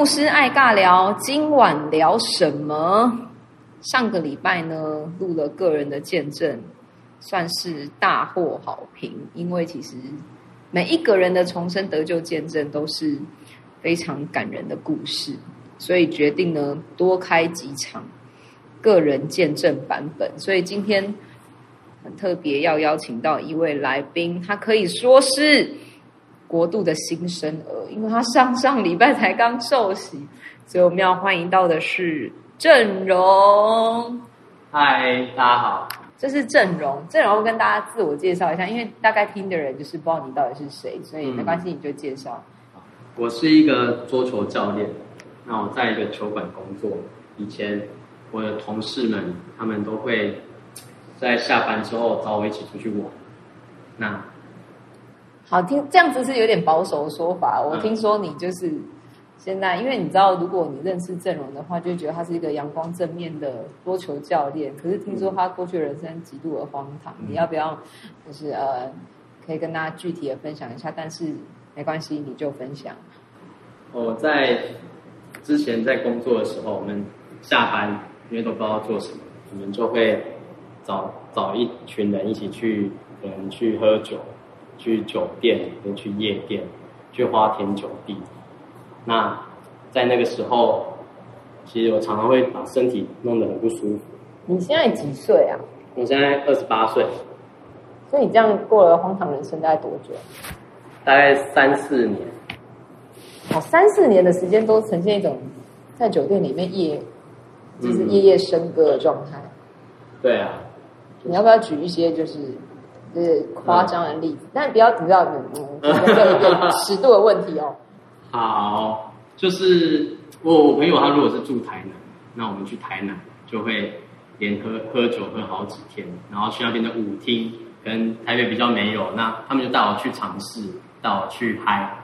牧師愛尬聊，今晚聊什麼？上個禮拜呢，錄了個人的見證，算是大獲好評。因為其實每一個人的重生得救見證都是非常感人的故事，所以決定呢多開幾場個人見證版本。所以今天很特別，要邀請到一位來賓，他可以說是。國度的新生兒，因為他上上禮拜才剛受洗，所以我們要歡迎到的是振榮。嗨，大家好，這是振榮。振榮，我跟大家自我介紹一下，因為大概聽的人就是不知道你到底是誰，所以沒關係、嗯，你就介紹。我是一個桌球教練，那我在一個球館工作。以前我的同事們，他們都會在下班之後找我一起出去玩。那好聽，這樣子是有點保守的說法。我聽說你就是現在，嗯、因為你知道，如果你認識振榮的話，就覺得他是一個陽光正面的桌球教練。可是聽說他過去的人生極度的荒唐，嗯、你要不要就是呃，可以跟大家具體的分享一下？但是沒關係，你就分享。我、哦、在之前在工作的時候，我們下班因為都不知道做什麼，我們就會找找一群人一起去嗯去喝酒。去酒店，去夜店，去花天酒地。那在那個時候，其實我常常會把身體弄得很不舒服。你現在幾歲啊？我現在二十八歲。所以你這樣過了荒唐人生，大概多久？大概三四年。好，三四年的時間都呈現一種在酒店裡面夜，就是夜夜笙歌的狀態。嗯、對啊、就是。你要不要舉一些？就是。就是誇張的例子，嗯、但不要比較有有有尺度的問題哦。 好，就是我我朋友他如果是住台南，那我們去台南就會連喝喝酒喝好幾天，然後去那邊的舞廳，跟台北比較沒有，那他們就帶我去嘗試，帶 我去嗨。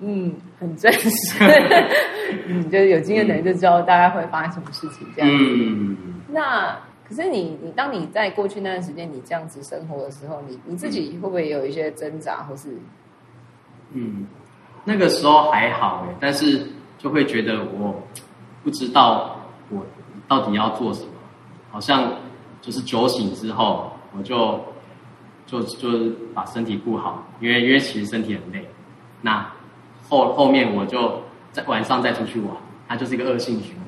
嗯，很真實。嗯， 就是有經驗的人就知道大概會發生什麼事情這樣子。嗯、那。可是你，你當你在過去那段時間，你這樣子生活的時候，你你自己會不會有一些掙扎，或是？嗯，那個時候還好誒，但是就會覺得我不知道我到底要做什麼，好像就是酒醒之後，我就就就是把身體顧好，因為因為其實身體很累。那後後面我就在晚上再出去玩，它就是一個惡性循環。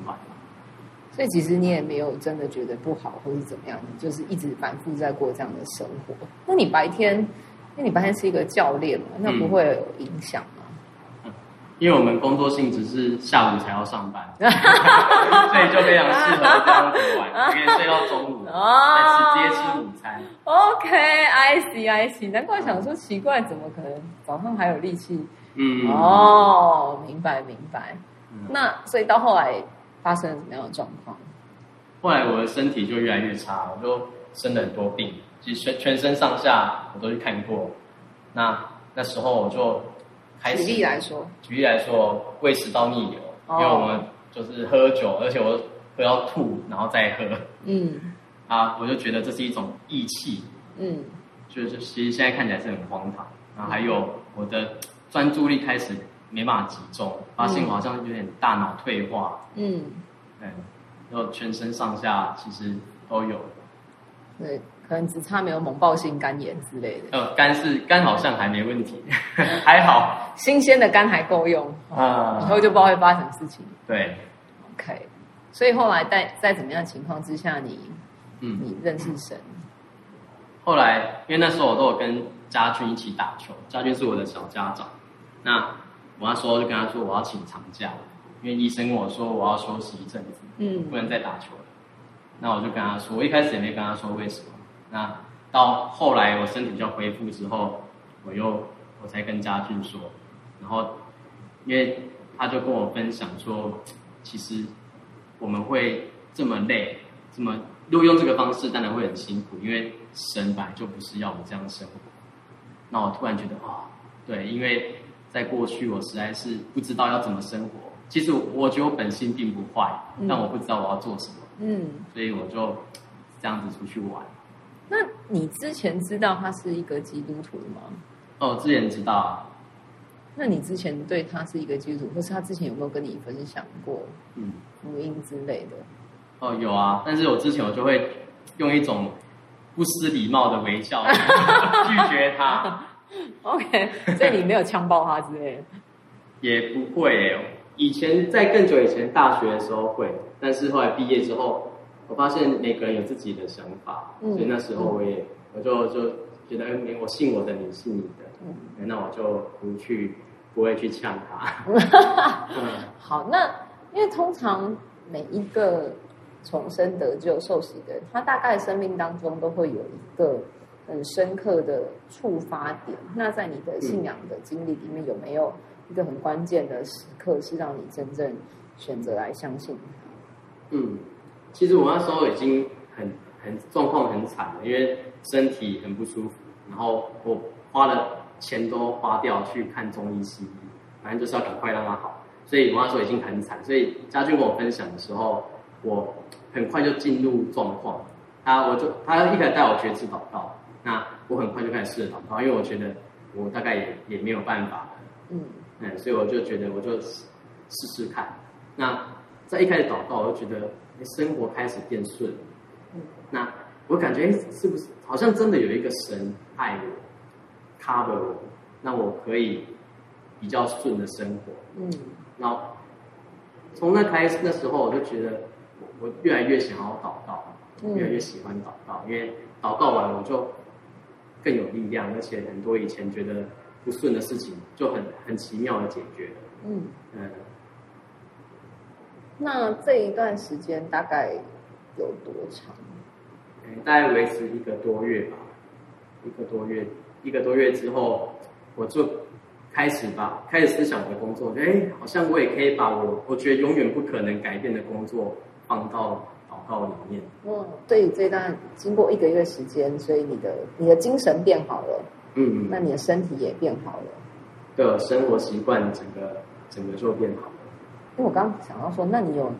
所以其實你也沒有真的覺得不好或是怎麼樣的，就是一直反覆在過這樣的生活。那你白天，那你白天是一個教練嘛？那不會有影響嗎？嗯、因為我們工作性質是下午才要上班， 所以就非常適合這樣 子玩， 可以睡到中午， 再吃階梯午餐。OK，I、okay, see，I see。See. 難怪想說奇怪，嗯，怎麼可能早上還有力氣？嗯，哦，明白明白。嗯、那所以到後來。發生了怎麼樣的狀況？後來我的身體就越來越差，嗯、我就生了很多病，其實全全身上下我都去看過。那那時候我就開始舉例來說，舉例來說、嗯，舉例來說，胃食道逆流、哦，因為我們就是喝酒，而且我喝到吐然後再喝，嗯，啊，我就覺得這是一種義氣，嗯，就是其實現在看起來是很荒唐。然後還有我的專注力開始。沒辦法集中，發現好像有點大腦退化。嗯，哎，然後全身上下其實都有。對，可能只差沒有猛爆性肝炎之類的。呃，肝是肝好像還沒問題，嗯，還好，新鮮的肝還夠用啊，嗯哦。以後就不會發會發生事情。對，OK。所以後來在在怎麼樣情況之下你，你嗯，你認識神？嗯，後來因為那時候我都有跟家俊一起打球，家俊是我的小家長，那。我那時候就跟他說，我要請長假，因為醫生跟我說我要休息一陣子，嗯，不能再打球了。嗯。那我就跟他說，我一開始也沒跟他說為什麼。那到後來我身體比較恢復之後，我又我才跟家俊說，然後因為他就跟我分享說，其實我們會這麼累，這麼錄用這個方式當然會很辛苦，因為神本來就不是要我這樣生活。那我突然覺得啊，哦，對，因為。在過去，我實在是不知道要怎麼生活。其實我覺得我本性並不壞，嗯，但我不知道我要做什麼。嗯，所以我就這樣子出去玩。那你之前知道他是一個基督徒嗎？哦，之前知道。那你之前對他是一個基督徒，或是他之前有沒有跟你分享過？嗯，福音之類的。哦，有啊，但是我之前我就會用一種不失禮貌的微笑，， 笑拒絕他。 OK，所以你沒有嗆爆他之類的， 也不會、欸。以前在更久以前，大學的時候會，但是後來畢業之後，我發現每個人有自己的想法，嗯、所以那時候我也、嗯、我就就覺得，哎，我信我的，你信你的，嗯，那我就不去，不會去嗆他、 嗯。好，那因為通常每一個重生得救受洗的人，他大概生命當中都會有一個。很深刻的觸發點，那在你的信仰的經歷裡面、嗯、有沒有一個很關鍵的時刻，是讓你真正選擇來相信？嗯，其實我那時候已經很很狀況很慘了，因為身體很不舒服，然後我花了錢都花掉去看中醫西醫，反正就是要趕快讓他好，所以我那時候已經很慘。所以家俊跟我分享的時候，我很快就進入狀況，他我就他一開始帶我決志禱告。我很快就開始試了禱告，因為我覺得我大概也也沒有辦法了，嗯，嗯，所以我就覺得我就試試看。那在一開始禱告，我就覺得生活開始變順，嗯，那我感覺是不是好像真的有一個神愛我，cover 我，那我可以比較順的生活，嗯，然後從那開始那時候我就覺得我，我越來越想要禱告，越來越喜歡禱告，嗯，因為禱告完我就。更有力量，而且很多以前覺得不順的事情，就很很奇妙的解決了，嗯。嗯，那這一段時間大概有多長？欸、大概維持一個多月吧，一個多月，一個多月之後，我就開始吧，開始思想我的工作。哎、欸，好像我也可以把我，我覺得永遠不可能改變的工作，放到。到裡面，嗯、哦，對，這段經過一個月時間，所以你的你的精神變好了，嗯，那你的身體也變好了，對，生活習慣整個整個就變好了。因為我剛剛想到說，那你有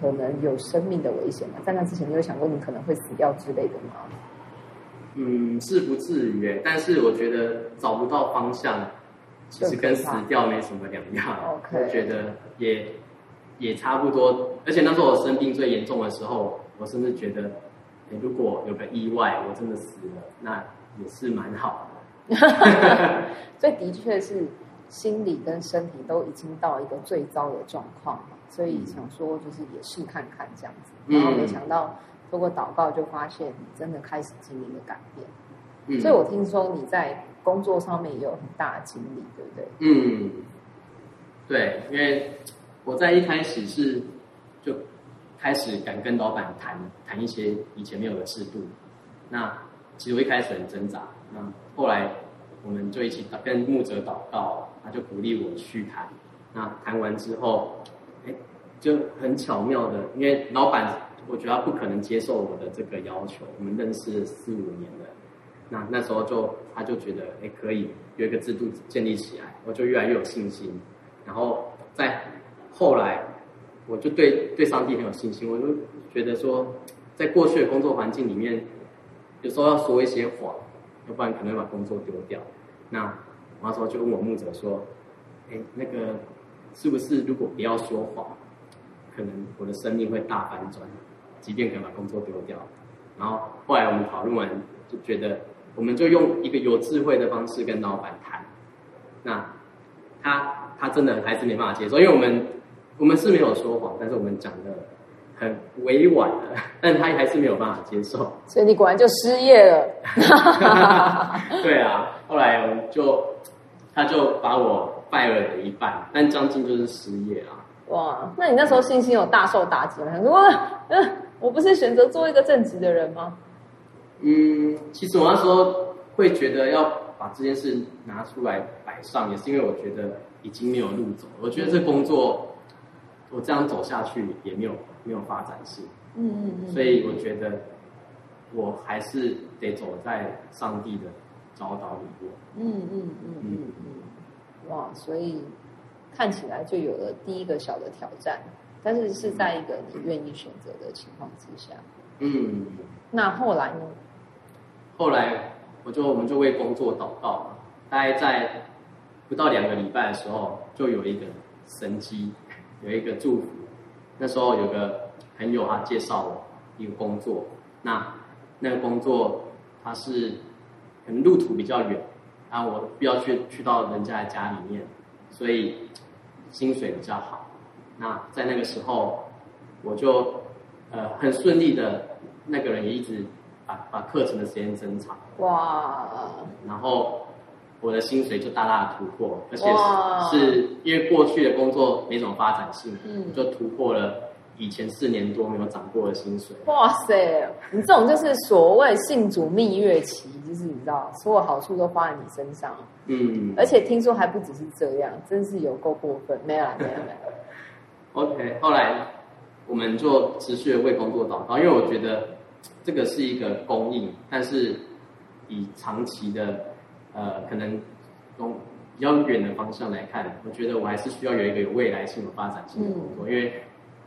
可能有生命的危險嗎？在那之前，你有想過你可能會死掉之類的嗎？嗯，至不至於，但是我覺得找不到方向，其實跟死掉沒什麼兩樣。Okay. 我覺得也也差不多。而且當時候我生病最嚴重的時候，我甚至覺得，如果有個意外，我真的死了，那也是蠻好的。 所以的確是心理跟身體都已經到一個最糟的狀況嘛，所以想說就是也是看看這樣子，嗯、然後沒想到透過禱告就發現你真的開始經歷了改變，嗯。所以我聽說你在工作上面也有很大的經歷，對不對？嗯，對，因為我在一開始是。開始敢跟老闆談談一些以前沒有的制度，那其實我一開始很掙扎，那後來我們就一起跟牧者禱告，他就鼓勵我去談，那談完之後，哎，就很巧妙的，因為老闆我覺得他不可能接受我的這個要求，我們認識四五年了，那那時候就他就覺得哎可以有一個制度建立起來，我就越來越有信心，然後在後來。我就對對上帝很有信心，我就覺得說，在過去的工作環境裡面，有時候要說一些謊，要不然可能會把工作丟掉。那我那時候就問我牧者說，哎，那個是不是如果不要說謊，可能我的生命會大翻轉，即便可能把工作丟掉。然後後來我們討論完就覺得，我們就用一個有智慧的方式跟老板談。那他他真的還是沒辦法接受，因為我們。我們是沒有說謊，但是我們講得很委婉，但他還是沒有辦法接受，所以你果然就失業了。 對啊，後來就他就把我拜了的一半，但將近就是失業啊。哇，那你那時候信心有大受打擊嗎？我嗯、呃，我不是選擇做一個正直的人嗎？嗯，其實我那時候會覺得要把這件事拿出來擺上，也是因為我覺得已經沒有路走，我覺得這工作。我這樣走下去也沒有沒有發展性，嗯嗯嗯，所以我覺得我還是得走在上帝的教導裡面，嗯嗯嗯嗯嗯，嗯，哇，所以看起來就有了第一個小的挑戰，但是是在一個你願意選擇的情況之下。嗯。那後來呢？後來我就我們就為工作禱告嘛，大概在不到兩個禮拜的時候，就有一個神蹟，有一個祝福，那時候有個朋友他介紹我一個工作，那那個工作他是可能路途比較遠，啊，我不要去去到人家的家裡面，所以薪水比較好。那在那個時候，我就呃很順利的，那個人也一直把把課程的時間增長。哇！然後。我的薪水就大大的突破，而且是，是因為過去的工作沒什麼發展性，嗯、就突破了以前四年多沒有漲過的薪水。哇塞！你這種就是所謂“信主蜜月期”，就是你知道，所有好處都花在你身上。嗯，而且聽說還不只是這樣，真是有夠過分。沒有，沒有，沒有。 OK，後來我們做持續的為工作禱告，因為我覺得這個是一個供應，但是以長期的。呃，可能從比較遠的方向來看，我覺得我還是需要有一個有未來性、和發展性的工作，嗯、因為，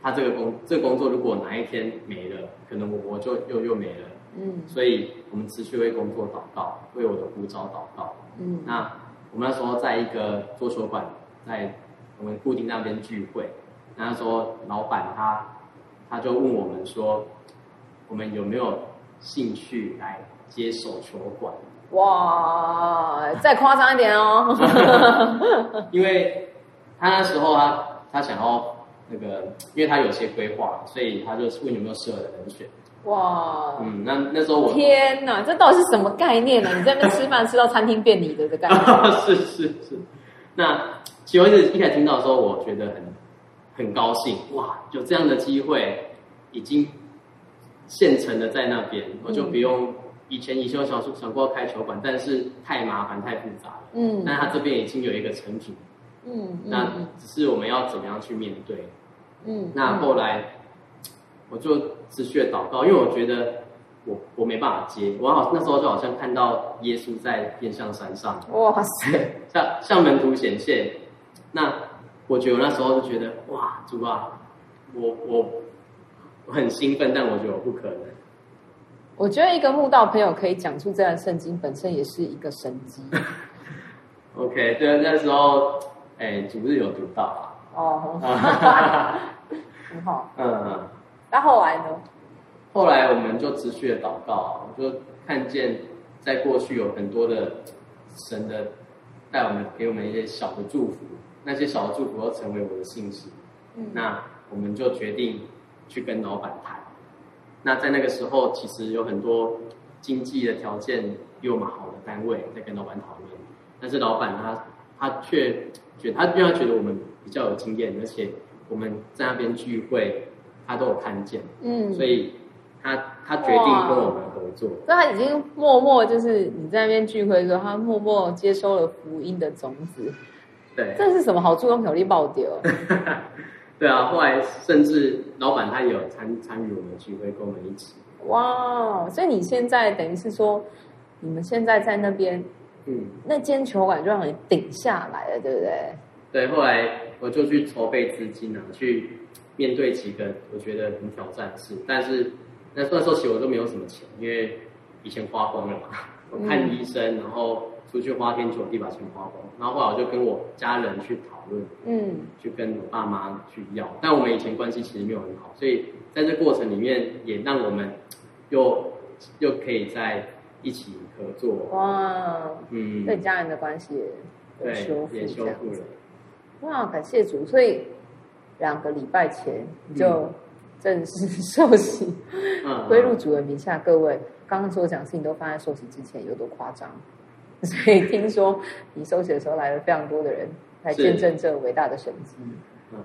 他這個工這個工作如果哪一天沒了，可能我我就又又沒了。嗯，所以我們持續為工作禱告，為我的護照禱告。嗯，那我們那時候在一個桌球館，在我們固定那邊聚會，那時候老闆他他就問我們說，我們有沒有興趣來接手球館？哇，再誇張一點哦！ 因為他那時候啊，他想要那個，因為他有些規劃，所以他就問有沒有適合的人選。哇，嗯，那那時候我，天哪，這到底是什麼概念呢？你在那邊吃飯吃到餐廳變你的這個 概念？ 是是是，是，那其實我一開始聽到的時候我覺得很很高興，哇，有這樣的機會，已經現成的在那邊，我就不用，嗯。以前以有想說想過要開球館，但是太麻煩太複雜了。嗯，但他這邊已經有一個成品，嗯，嗯，那只是我們要怎麼樣去面對。嗯，那後來、嗯、我就持續的禱告，因為我覺得我我沒辦法接，我好那時候就好像看到耶穌在變相山上，哇塞， 像像門徒顯現。那我覺得我那時候就覺得哇，主啊，我我我很興奮，但我覺得我不可能。我覺得一個慕道朋友可以講出這段聖經本身也是一個神蹟 OK，對，那時候，哎，主日有讀到啊。哦、oh. 很好。嗯。那後來呢後來？後來我們就持續的禱告，就看見在過去有很多的神的帶我們，給我們一些小的祝福，那些小的祝福要成為我的信息、嗯、那我們就決定去跟老闆談。那在那個時候，其實有很多經濟的條件比我們好的單位在跟、那個、老闆討論，但是老闆他他卻覺他因為他覺得我們比較有經驗，而且我們在那邊聚會，他都有看見，嗯，所以他他決定跟我們合作。那他已經默默就是你在那邊聚會的時候，他默默接收了福音的種子。對，這是什麼好助攻小力爆掉？ 對啊，後來甚至老板他也有參參與我們的聚會，跟我們一起。哇！所以你現在等於是說，你們現在在那邊，嗯，那間球館就讓你頂下來了，對不對？對，後來我就去籌備資金啊，去面對幾個我覺得很挑戰的事。但是那時候其實我都沒有什麼錢，因為以前花光了嘛，我看醫生，嗯，然後。出去花天酒地把錢花光，然後後來我就跟我家人去討論，嗯，去、嗯、跟我爸媽去要，但我們以前關係其實沒有很好，所以在這過程裡面也讓我們又又可以在一起合作。哇，嗯，對家人的關係也，也修復了。哇，感謝主！所以兩個禮拜前就正式受洗歸入主的名下。各位剛剛所講信都放在受洗之前有多誇張？所以聽說你受洗的時候來了非常多的人來見證這偉大的神蹟，嗯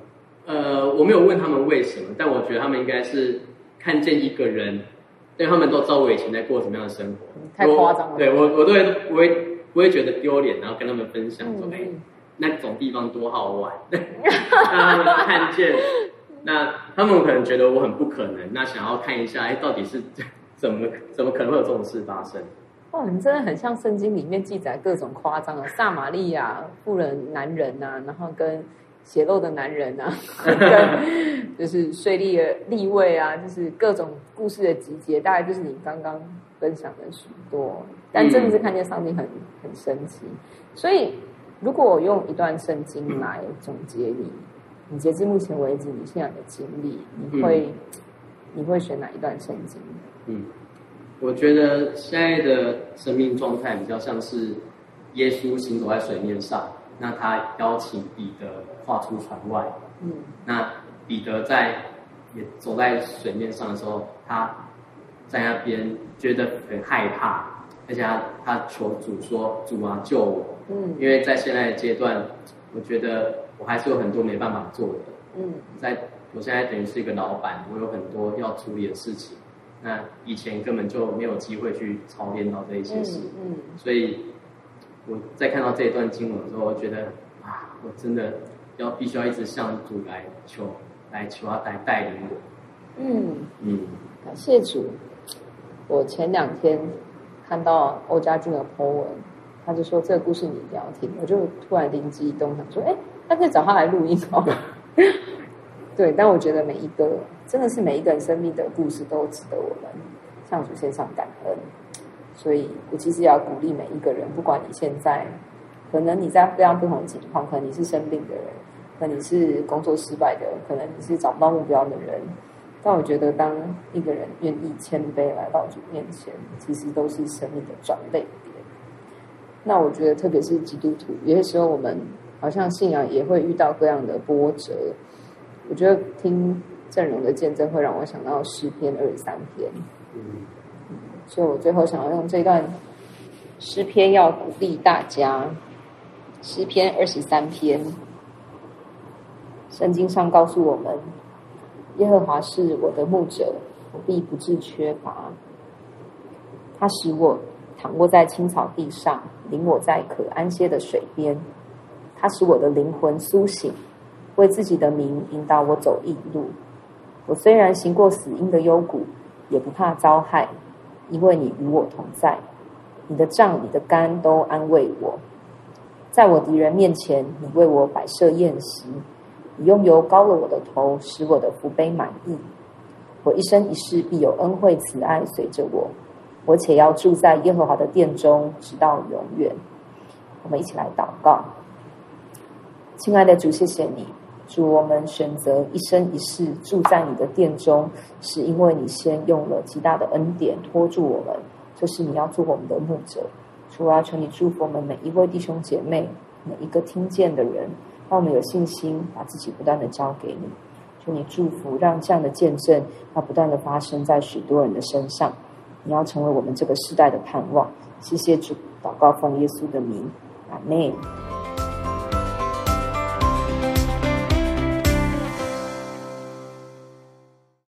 嗯、呃，我沒有問他們為什麼，但我覺得他們應該是看見一個人，因為他們都知道我以前在過什麼樣的生活，嗯、太誇張了。我對我我都會不會不會覺得丟臉，然後跟他們分享說、嗯、哎，那種地方多好玩，讓 他們看見，那他們可能覺得我很不可能，那想要看一下，哎，到底是怎麼怎麼可能會有這種事發生？哦，你真的很像聖經裡面記載各種誇張的撒瑪利亞婦人、男人啊，然後跟血漏的男人啊， 跟就是稅吏的利未啊，就是各種故事的集結，大概就是你剛剛分享的許多。但真的是看見上帝很很神奇，所以如果我用一段聖經來總結你，你截至目前為止你現在的經歷，你會你會選哪一段聖經？嗯。我覺得現在的生命狀態比較像是耶穌行走在水面上，那他邀請彼得跨出船外。嗯，那彼得在也走在水面上的時候，他在那邊覺得很害怕，而且他，他求主說：“主啊，救我！”嗯，因為在現在的階段，我覺得我還是有很多沒辦法做的。嗯，在我現在等於是一個老闆，我有很多要處理的事情。那以前根本就沒有機會去操練到這一些事。嗯嗯，所以我在看到這一段經文的時候，我覺得啊，我真的要必須要一直向主來求，來求他來帶領我。嗯嗯，感謝主。我前兩天看到歐家俊的 Po 文，他就說，這個故事你一定要聽，我就突然靈機一動，想說哎，欸、他可以找他來錄音好嗎？ 對，但我覺得每一個。真的是每一個人生命的故事都值得我們向主獻上感恩。所以我其實要鼓勵每一個人，不管你現在，可能你在非常不同的情況，可能你是生病的人，可能你是工作失敗的，可能你是找不到目標的人。但我覺得，當一個人願意謙卑來到主面前，其實都是生命的轉捩點。那我覺得，特別是基督徒，有些時候我們好像信仰也會遇到各樣的波折。我覺得聽。振榮的見證會讓我想到詩篇二十三篇，所以我最後想要用這段詩篇要鼓勵大家。詩篇二十三篇，聖經上告訴我們，耶和華是我的牧者，我必不致缺乏。他使我躺臥在青草地上，領我在可安歇的水邊。他使我的靈魂甦醒，為自己的名引導我走義路。我雖然行過死蔭的幽谷，也不怕遭害，因為你與我同在。你的杖、你的竿都安慰我。在我敵人面前，你為我擺設筵席。你用油膏了我的頭，使我的福杯滿溢。我一生一世必有恩惠慈愛隨着我，我且要住在耶和華的殿中，直到永遠。我們一起來禱告，親愛的主，謝謝你。主，我們選擇一生一世住在你的殿中，是因為你先用了極大的恩典托住我們。這，就是你要做我們的牧者。主，我要求你祝福我們每一位弟兄姐妹，每一個聽見的人，讓我們有信心把自己不斷的交給你。求你祝福，讓這樣的見證要不斷的發生在許多人的身上。你要成為我們這個世代的盼望。謝謝主，禱告奉耶穌的名，阿門。